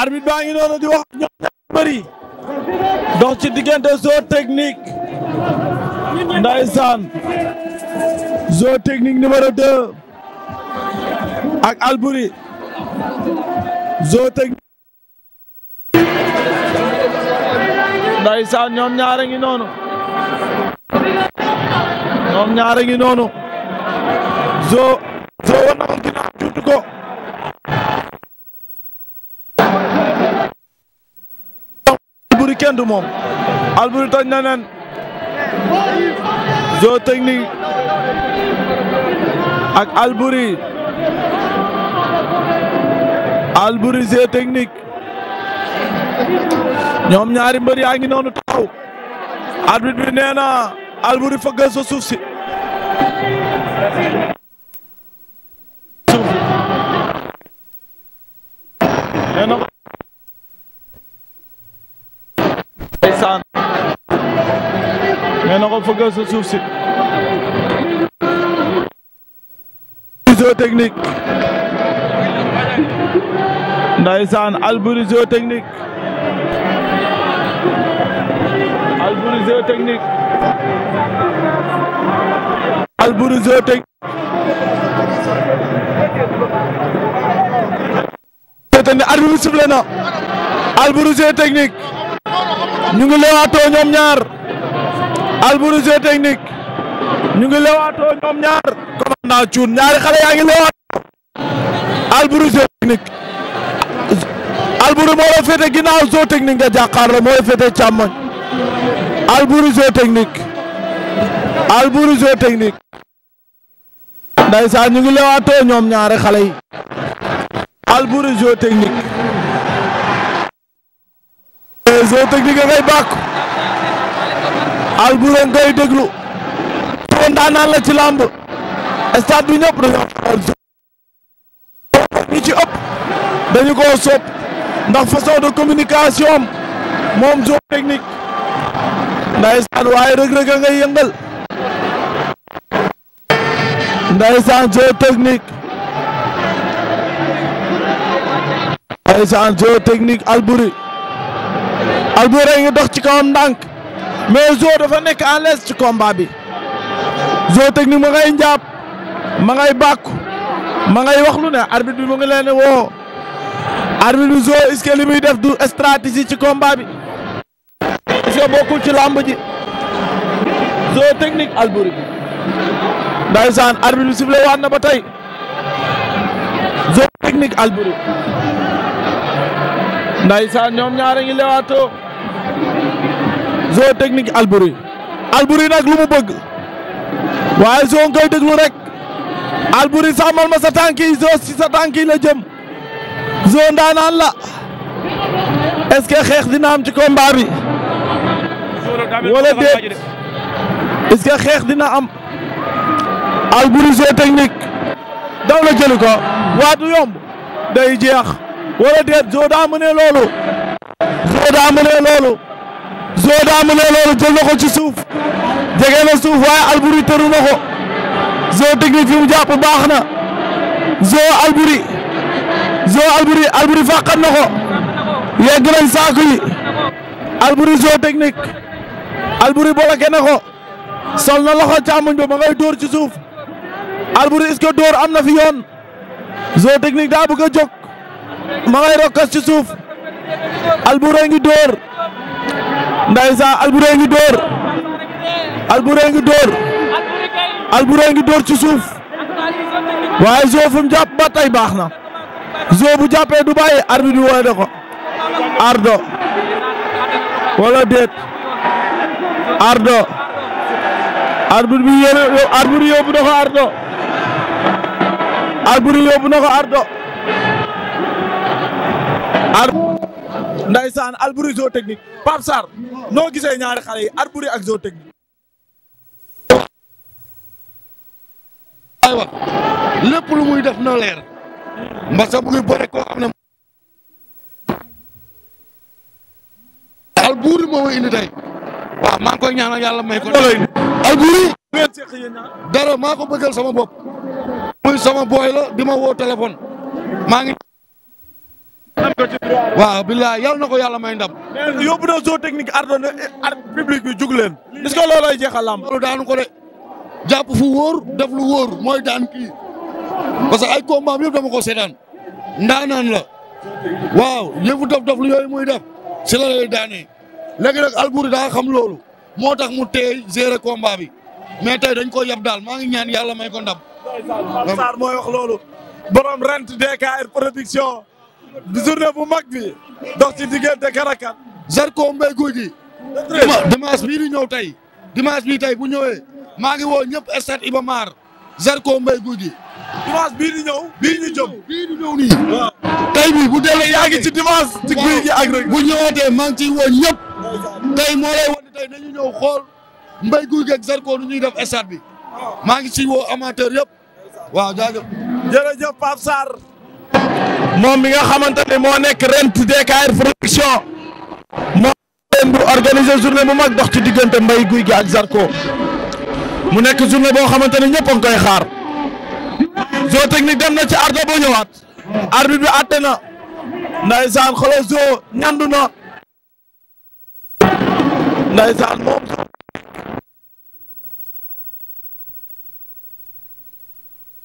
arbitre baa ngi noonu di wax ñoom ñaari mbëri dox ci diggante Joe Technique ndaysaan Joe Technique numéro 2 ak Alboury Joe Technique ndaysaan ñoom ñaara ngi noonu ñoom ñaara ngi noonu Joe Joe war na ko ginnaaw tuuti kenn du moom Alboury toj na nen Joe ak Alboury Alboury Joe Technique ñoom ñaari mbër yaa ngi noonu taxaw arbitre bi nee na Alboury fëggal sa suuf si nee na ko fëggal sa suuf si. Alboury technique ndaysaan Alboury technique Alboury technique Alboury technique Alboury sifle na Alboury ñu ngi ñoom ñaar Alboury Jeux Technique ñu ngi lewaatoo ñoom ñaar commandant Thioune ñaari xale yaa ngi lewaatoo Alboury Jeux Technique Alboury moo la féete ginnaaw Jeux Technique nga jàkkaarloo moo la féete càmmoñ Alboury Jeux Technique Alboury Jeux Technique ndaysaan ñu ngi lewaatoo ñoom ñaari xale yi Alboury Jeux Technique Jeux Technique ngay bàkku Alboury ngay déglu pour ndaanaan la ci làmb stade bi ñëpp dañoo ci ëpp dañu koo soob ndax façon de communication moom zone technique ndaysaan waaye rëg-rëg a ngay yëngal ndaysaan zone technique ndaysaan zone technique Alboury Alboury ngi dox ci kawam ndànk mais Zo dafa nekk à l'aise ci combat bi Zo technique ma ngay njàpp ma ngay bàkku ma ngay wax ne arbitre bi mu ngi leen woo arbitre bi Zo est muy def du stratégie ci combat bi est-ce que bokkul ci làmb ji Zo technique Alboury bi ndaysaan arbitre bi sifflé waat na ba tey Zo technique Alboury ndaysaan ñoom ñaar ngi lewaatoo zoo technique Albouri Albouri nag lu mu bëgg waaye zoo ngay déglu rek Albouri sàmmal ma sa tànk yi si sa tànk yi la jëm zoo ndaanaan la est-ce que xeex dina am ci combat bi wala déet est-ce que xeex dina am Albouri zoo technique daw la jëli ko waa yomb day jeex wala déet zoo daa mënee loolu zoo daa mënee loolu Zoe daa mu ne loolu jël na ko ci suuf jege suuf waaye Alboury tëru na ko Zoe technique fi mu jàpp baax na Zoe Alboury Zoe Alboury Alboury fàqat na ko yegg nañ saako yi Alboury Zoe technique Alboury bloqué na ko sol na loxo càmmoñ ba ma ci suuf Alboury est-ce am na fi yoon Zoe technique daa bëgg a jóg ma rokkas ci suuf Alboury a ngi dóor. ndeysaan Alboury ngi dóor Alboury ngi dóor Alboury ngi dóor ci waaye Zo fu mu tey baax na Zo bu jàppee du bàyyi arbitre bi wooy na ko Ardo wala déet Ardo arbitre bi yóbbu na Ardo Ndaysaan Alboury zootechnique Pape Sarr noo gisee ñaari xale yi Alboury ak zootechnique. aywa lépp lu muy def na leer mbasa bu ngi bëre koo xam ne. Alboury moo indi tey waaw maa koy ñaanal yàlla may ko. Alboury. dara maa ko bëggal sama bopp. muy sama booy di ma woo téléphone maa ngi. waaw billaay yal na ko yàlla may ndam. yóbbu na zoo technique ardo ar public bi jug leen. est-ce que loolooy jeexal lamb. loolu daanu ko de jàpp fu wóor def lu wóor mooy daan kii parce que ay combat yëpp dama ko seetaan ndaanaan la waaw yëfu dof dof lu yooyu muy def si la lay daanee léegi nag Alboury daa xam loolu moo tax mu teey gérer combat bi mais tey dañ ko yab daal maa ngi ñaan yàlla may ko ndam. di journée bu mag bi dox ci diggante Karakat. Zarko Mbaye Gouy Gui. dimanche bii di ñëw tey dimanche bi tey bu ñëwee maa ngi woo ñëpp stade i Mar Zarko Mbaye Gouy Gui. dimanche bii di ñëw bii ñu jëm bii di ñëw tey bi bu delloo yaa ngi ci dimanche. ci Gouy Gui ak Reug bu ñëwaatee maa ngi ci woo ñëpp. tey moo lay wan tey nañu ñëw xool Mbaye Gouy Gui ak Zarko nu ñuy def stade bi. maa ngi ciy woo amateur yëpp. waaw jaajëf. jërëjëf Pape Sarr. moom mi nga xamante ne moo nekk rent DKR production moo leen bu organiser journée bu mag dox ci diggante Mbaye Gouye Gui ak Zarko mu nekk journée ne ñëpp a ngi koy xaar Zo Technique dem na ci ardo boo ñëwaat arbitre bi àtte na ndaysaan xoolal Zo ñandu na ndaysaan moom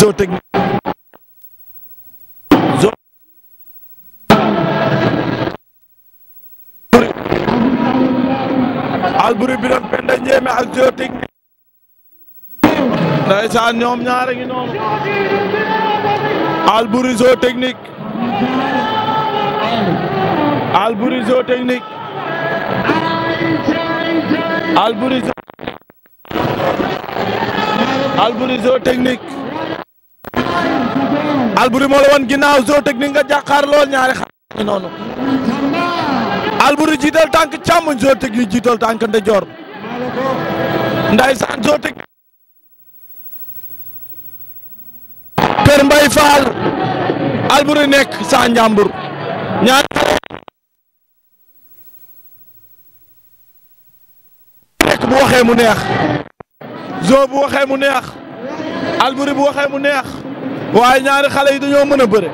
Zo Technique Alboury bi doon Penda Ndiémé ak Jotik ndeysaan ñoom ñaar a ngi noonu Alboury zoo technique Alboury zoo technique Alboury zoo technique Alboury moo la woon ginnaaw technique nga jàkkaarloo ñaari xar ngi noonu Alboury jiital tànk càmmoñ Joe Technique jiital tànk ndeyjoor ndeysaan Joe Technique Kër Mbay Faal Alboury nekk sa njàmbur ñaar nekk bu waxee mu neex Joe bu waxee mu neex Alboury bu waxee mu neex waaye ñaari xale yi dañoo mën a bëre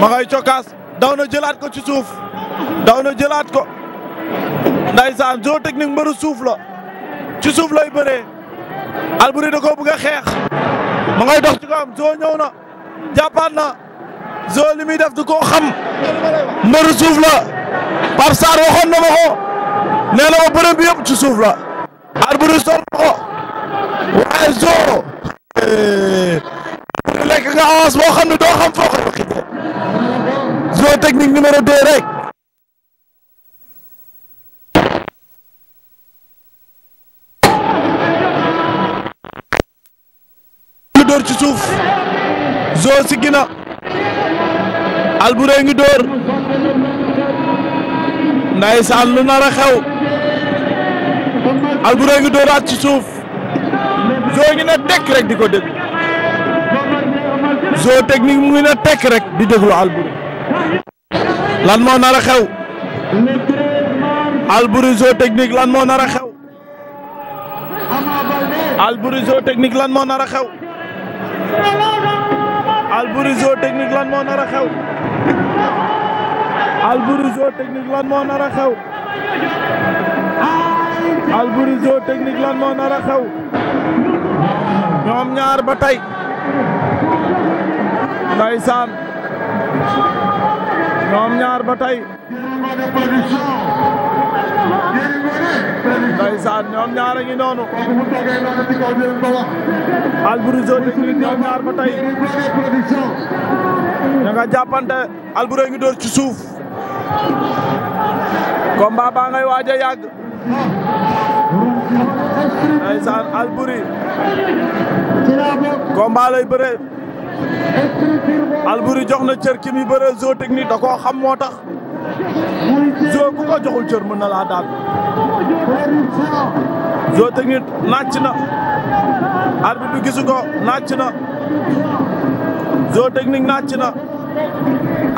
ma ngay cokkaas daw na jëlaat ko ci suuf daw na jëlaat ko ndaysaan Joe Technique mbëru suuf la ci suuf lay bëree Alboury da koo bëgg a xeex ma ngay dox ci ko am Joe ñëw na jàppaat na Joe li muy def du koo xam mbëru suuf la Pape Sarr waxoon na ma ko nee na ma bërëm bi yëpp ci suuf la Alboury sol ma ko waaye fekk nga avance boo xam ne doo xam foo koy waxee zone rek. door ci suuf zone si gina Alboury ngi door ndaysaan lu nar a xew Alboury ngi dooraat ci suuf zone ngi ne tekk rek di ko dégg. zoo technique mu ngi na tekk rek di déglu Alboury lan moo nar a xew Alboury zoo technique lan moo nar a xew Alboury zoo technique lan moo nar a xew Alboury zoo technique lan moo nar a xew Alboury zoo technique lan moo nar a xew Alboury zoo technique lan moo nar a xew ñoom ñaar ba tey ndeysaan ñoom ñaar ba tey ñoom ñaar a ngi noonu Alboury technique ñoom ñaar ba tey ña nga jàppante Alboury ngi dóor baa ngay waaj a yàgg ndeysaan Alboury combat lay Alboury jox na cër ki muy bëree Zo Technique da koo xam moo tax Zo ku ko cër mën na laa daan Zo Technique nàcc na arbitre bi gisu ko nàcc na Zo Technique nàcc na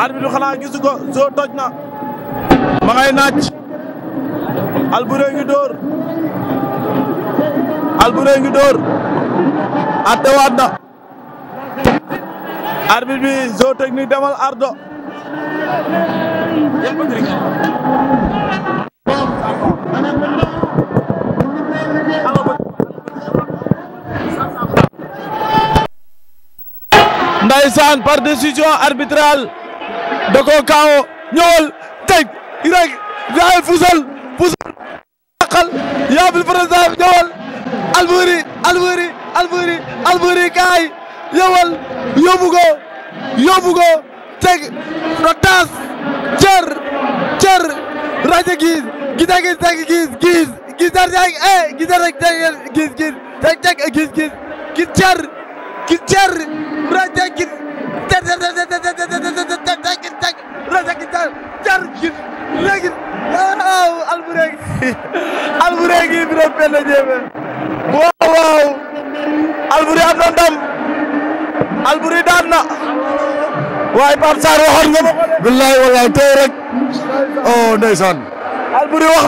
arbitre bi xanaa gisu ko Zo toj na ma ngay nàcc Alboury ngi dóor Alboury ngi na arbitre bi zoo technique demal ardo Ndeysaan par décision arbitrale da ko kaawo ñëwal teg rek gaay fusal fusal xal yaa bil président ñëwal Alboury Alboury Alboury Alboury gaay yowal yóbbu ko yóbbu ko teg no taas cër cër rajo gis gisa gis teg gis gis gisar teg eh gisar teg teg gis gis teg teg gis gis gis cër gis waaye Pape Sarr waxoon nga ma. billaay wallaay tey rek oh ndeysaan. Alboury wax.